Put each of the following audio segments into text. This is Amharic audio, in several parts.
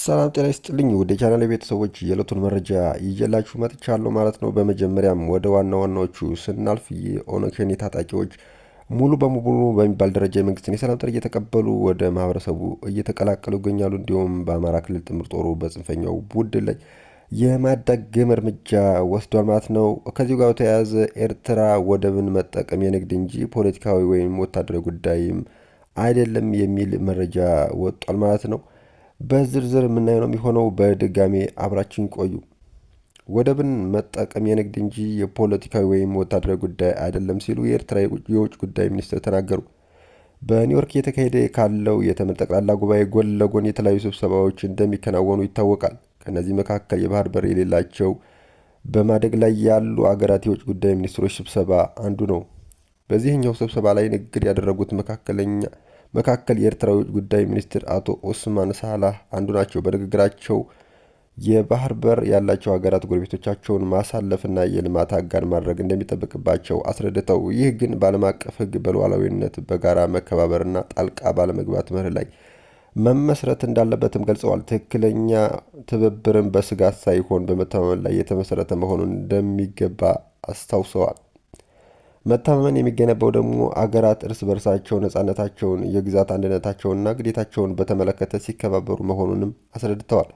ሰላም ጤና ይስጥልኝ ወደ ቻናል ቤተሰቦች የዕለቱን መረጃ ይዤላችሁ መጥቻለሁ ማለት ነው። በመጀመሪያም ወደ ዋና ዋናዎቹ ስናልፍ የኦነግ ሸኔ ታጣቂዎች ሙሉ በሙሉ በሚባል ደረጃ የመንግስትን የሰላም ጥሪ እየተቀበሉ ወደ ማህበረሰቡ እየተቀላቀሉ ይገኛሉ። እንዲሁም በአማራ ክልል ጥምር ጦሩ በጽንፈኛው ቡድን ላይ የማዳገም እርምጃ ወስዷል ማለት ነው። ከዚሁ ጋር በተያያዘ ኤርትራ ወደብን መጠቀም የንግድ እንጂ ፖለቲካዊ ወይም ወታደራዊ ጉዳይም አይደለም የሚል መረጃ ወጧል ማለት ነው። በዝርዝር የምናየ ነው የሚሆነው። በድጋሜ አብራችን ቆዩ። ወደብን መጠቀም የንግድ እንጂ የፖለቲካዊ ወይም ወታደራዊ ጉዳይ አይደለም ሲሉ የኤርትራ የውጭ ጉዳይ ሚኒስትር ተናገሩ። በኒውዮርክ እየተካሄደ ካለው የተመድ ጠቅላላ ጉባኤ ጎን ለጎን የተለያዩ ስብሰባዎች እንደሚከናወኑ ይታወቃል። ከእነዚህ መካከል የባህር በር የሌላቸው በማደግ ላይ ያሉ አገራት የውጭ ጉዳይ ሚኒስትሮች ስብሰባ አንዱ ነው። በዚህኛው ስብሰባ ላይ ንግግር ያደረጉት መካከለኛ መካከል የኤርትራ የውጭ ጉዳይ ሚኒስትር አቶ ኦስማን ሳላህ አንዱ ናቸው። በንግግራቸው የባህር በር ያላቸው ሀገራት ጎረቤቶቻቸውን ማሳለፍና የልማት አጋር ማድረግ እንደሚጠበቅባቸው አስረድተው ይህ ግን በዓለም አቀፍ ሕግ በሉዓላዊነት በጋራ መከባበርና ጣልቃ ባለመግባት መርህ ላይ መመስረት እንዳለበትም ገልጸዋል። ትክክለኛ ትብብርን በስጋት ሳይሆን በመተማመን ላይ የተመሰረተ መሆኑን እንደሚገባ አስታውሰዋል። መታመን የሚገነባው ደግሞ አገራት እርስ በርሳቸው ነጻነታቸውን፣ የግዛት አንድነታቸውንና ግዴታቸውን በተመለከተ ሲከባበሩ መሆኑንም አስረድተዋል።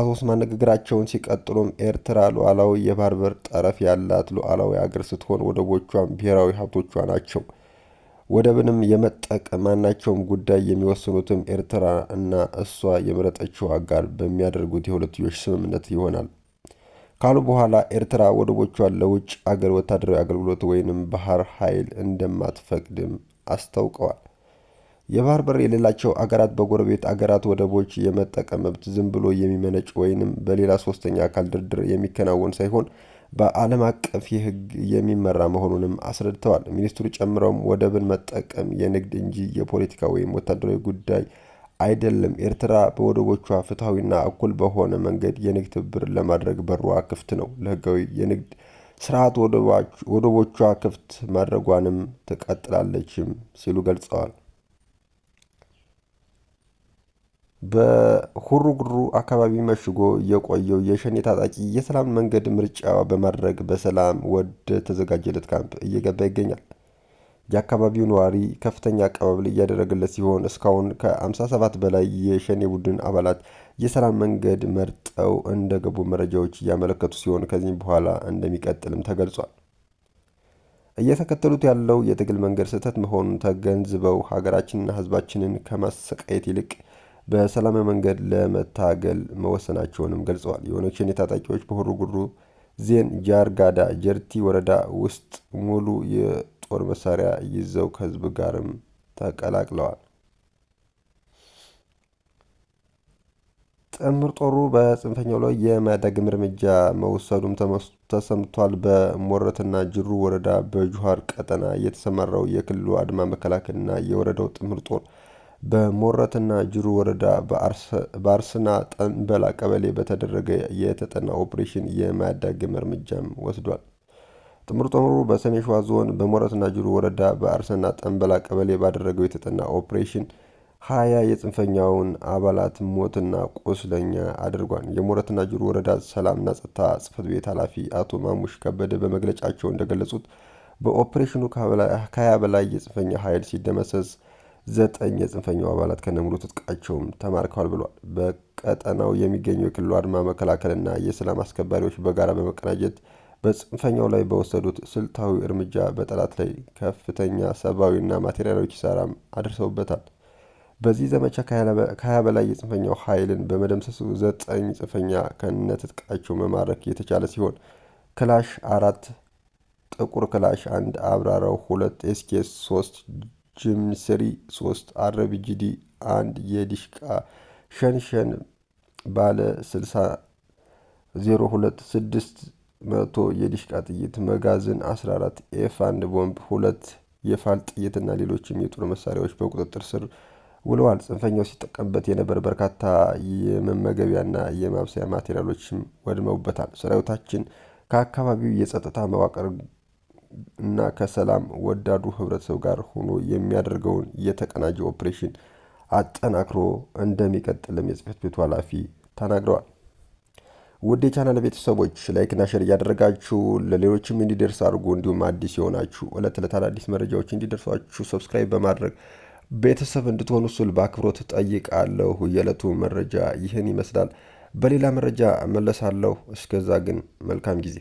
አሶስ ንግግራቸውን ሲቀጥሉም ኤርትራ ሉዓላዊ የባህር በር ጠረፍ ያላት ሉዓላዊ አገር ስትሆን ወደቦቿም ብሔራዊ ሀብቶቿ ናቸው። ወደብንም የመጠቀም ማናቸውም ጉዳይ የሚወስኑትም ኤርትራ እና እሷ የመረጠችው አጋር በሚያደርጉት የሁለትዮሽ ስምምነት ይሆናል። ካሉ በኋላ ኤርትራ ወደቦቿን ለውጭ አገር ወታደራዊ አገልግሎት ወይንም ባህር ኃይል እንደማትፈቅድም አስታውቀዋል። የባህር በር የሌላቸው አገራት በጎረቤት አገራት ወደቦች የመጠቀም መብት ዝም ብሎ የሚመነጭ ወይንም በሌላ ሶስተኛ አካል ድርድር የሚከናወን ሳይሆን በዓለም አቀፍ የሕግ የሚመራ መሆኑንም አስረድተዋል። ሚኒስትሩ ጨምረውም ወደብን መጠቀም የንግድ እንጂ የፖለቲካ ወይም ወታደራዊ ጉዳይ አይደለም ኤርትራ በወደቦቿ ፍትሐዊና እኩል በሆነ መንገድ የንግድ ትብብር ለማድረግ በሯ ክፍት ነው። ለህጋዊ የንግድ ስርዓት ወደቦቿ ክፍት ማድረጓንም ትቀጥላለችም ሲሉ ገልጸዋል። በሁሩጉሩ አካባቢ መሽጎ የቆየው የሸኔ ታጣቂ የሰላም መንገድ ምርጫ በማድረግ በሰላም ወደ ተዘጋጀለት ካምፕ እየገባ ይገኛል። የአካባቢው ነዋሪ ከፍተኛ አቀባበል እያደረገለት ሲሆን እስካሁን ከ57 በላይ የሸኔ ቡድን አባላት የሰላም መንገድ መርጠው እንደገቡ መረጃዎች እያመለከቱ ሲሆን ከዚህም በኋላ እንደሚቀጥልም ተገልጿል። እየተከተሉት ያለው የትግል መንገድ ስህተት መሆኑን ተገንዝበው ሀገራችንና ሕዝባችንን ከማሰቃየት ይልቅ በሰላማዊ መንገድ ለመታገል መወሰናቸውንም ገልጸዋል። የኦነግ ሸኔ ታጣቂዎች በሆሮ ጉዱሩ ዞን ጃርጋዳ ጀርቲ ወረዳ ውስጥ ሙሉ ጦር መሳሪያ ይዘው ከህዝብ ጋርም ተቀላቅለዋል። ጥምር ጦሩ በጽንፈኛው ላይ የመደግም እርምጃ መውሰዱም ተሰምቷል። በሞረትና ጅሩ ወረዳ በጁሃር ቀጠና የተሰማራው የክልሉ አድማ መከላከልና የወረዳው ጥምር ጦር በሞረትና ጅሩ ወረዳ በአርስና ጠንበላ ቀበሌ በተደረገ የተጠና ኦፕሬሽን የማያዳግም እርምጃም ወስዷል። ጥምር ጦሩ በሰሜን ሸዋ ዞን በሞረትና ጅሩ ወረዳ በአርሰና ጠንበላ ቀበሌ ባደረገው የተጠና ኦፕሬሽን ሀያ የጽንፈኛውን አባላት ሞትና ቁስለኛ አድርጓል። የሞረትና ጅሩ ወረዳ ሰላምና ጸጥታ ጽፈት ቤት ኃላፊ አቶ ማሙሽ ከበደ በመግለጫቸው እንደገለጹት በኦፕሬሽኑ ከሀያ በላይ የጽንፈኛ ኃይል ሲደመሰስ ዘጠኝ የጽንፈኛው አባላት ከነሙሉ ትጥቃቸውም ተማርከዋል ብሏል። በቀጠናው የሚገኘው የክልሉ አድማ መከላከልና የሰላም አስከባሪዎች በጋራ በመቀናጀት በጽንፈኛው ላይ በወሰዱት ስልታዊ እርምጃ በጠላት ላይ ከፍተኛ ሰብአዊና ማቴሪያላዊ ኪሳራም አድርሰውበታል። በዚህ ዘመቻ ከሀያ በላይ የጽንፈኛው ኃይልን በመደምሰሱ ዘጠኝ ጽንፈኛ ከነትጥቃቸው መማረክ የተቻለ ሲሆን ክላሽ አራት፣ ጥቁር ክላሽ አንድ፣ አብራራው ሁለት፣ ኤስኬስ ሶስት፣ ጅምስሪ ሶስት፣ አረቢጂዲ አንድ የዲሽቃ ሸንሸን ባለ ስልሳ ዜሮ ሁለት ስድስት መቶ የዲሽቃ ጥይት፣ መጋዘን 14 ኤፍ አንድ ቦምብ፣ ሁለት የፋል ጥይትና ሌሎችም የጦር መሳሪያዎች በቁጥጥር ስር ውለዋል። ጽንፈኛው ሲጠቀምበት የነበር በርካታ የመመገቢያና የማብሰያ ማቴሪያሎችም ወድመውበታል። ሰራዊታችን ከአካባቢው የጸጥታ መዋቅር እና ከሰላም ወዳዱ ህብረተሰብ ጋር ሆኖ የሚያደርገውን የተቀናጀ ኦፕሬሽን አጠናክሮ እንደሚቀጥልም የጽህፈት ቤቱ ኃላፊ ተናግረዋል። ውድ የቻናል ቤተሰቦች ላይክና ሸር እያደረጋችሁ ለሌሎችም እንዲደርስ አድርጉ። እንዲሁም አዲስ የሆናችሁ ዕለት ዕለት አዳዲስ መረጃዎች እንዲደርሷችሁ ሰብስክራይብ በማድረግ ቤተሰብ እንድትሆኑ ስል በአክብሮት ጠይቃለሁ። የዕለቱ መረጃ ይህን ይመስላል። በሌላ መረጃ መለሳለሁ። እስከዛ ግን መልካም ጊዜ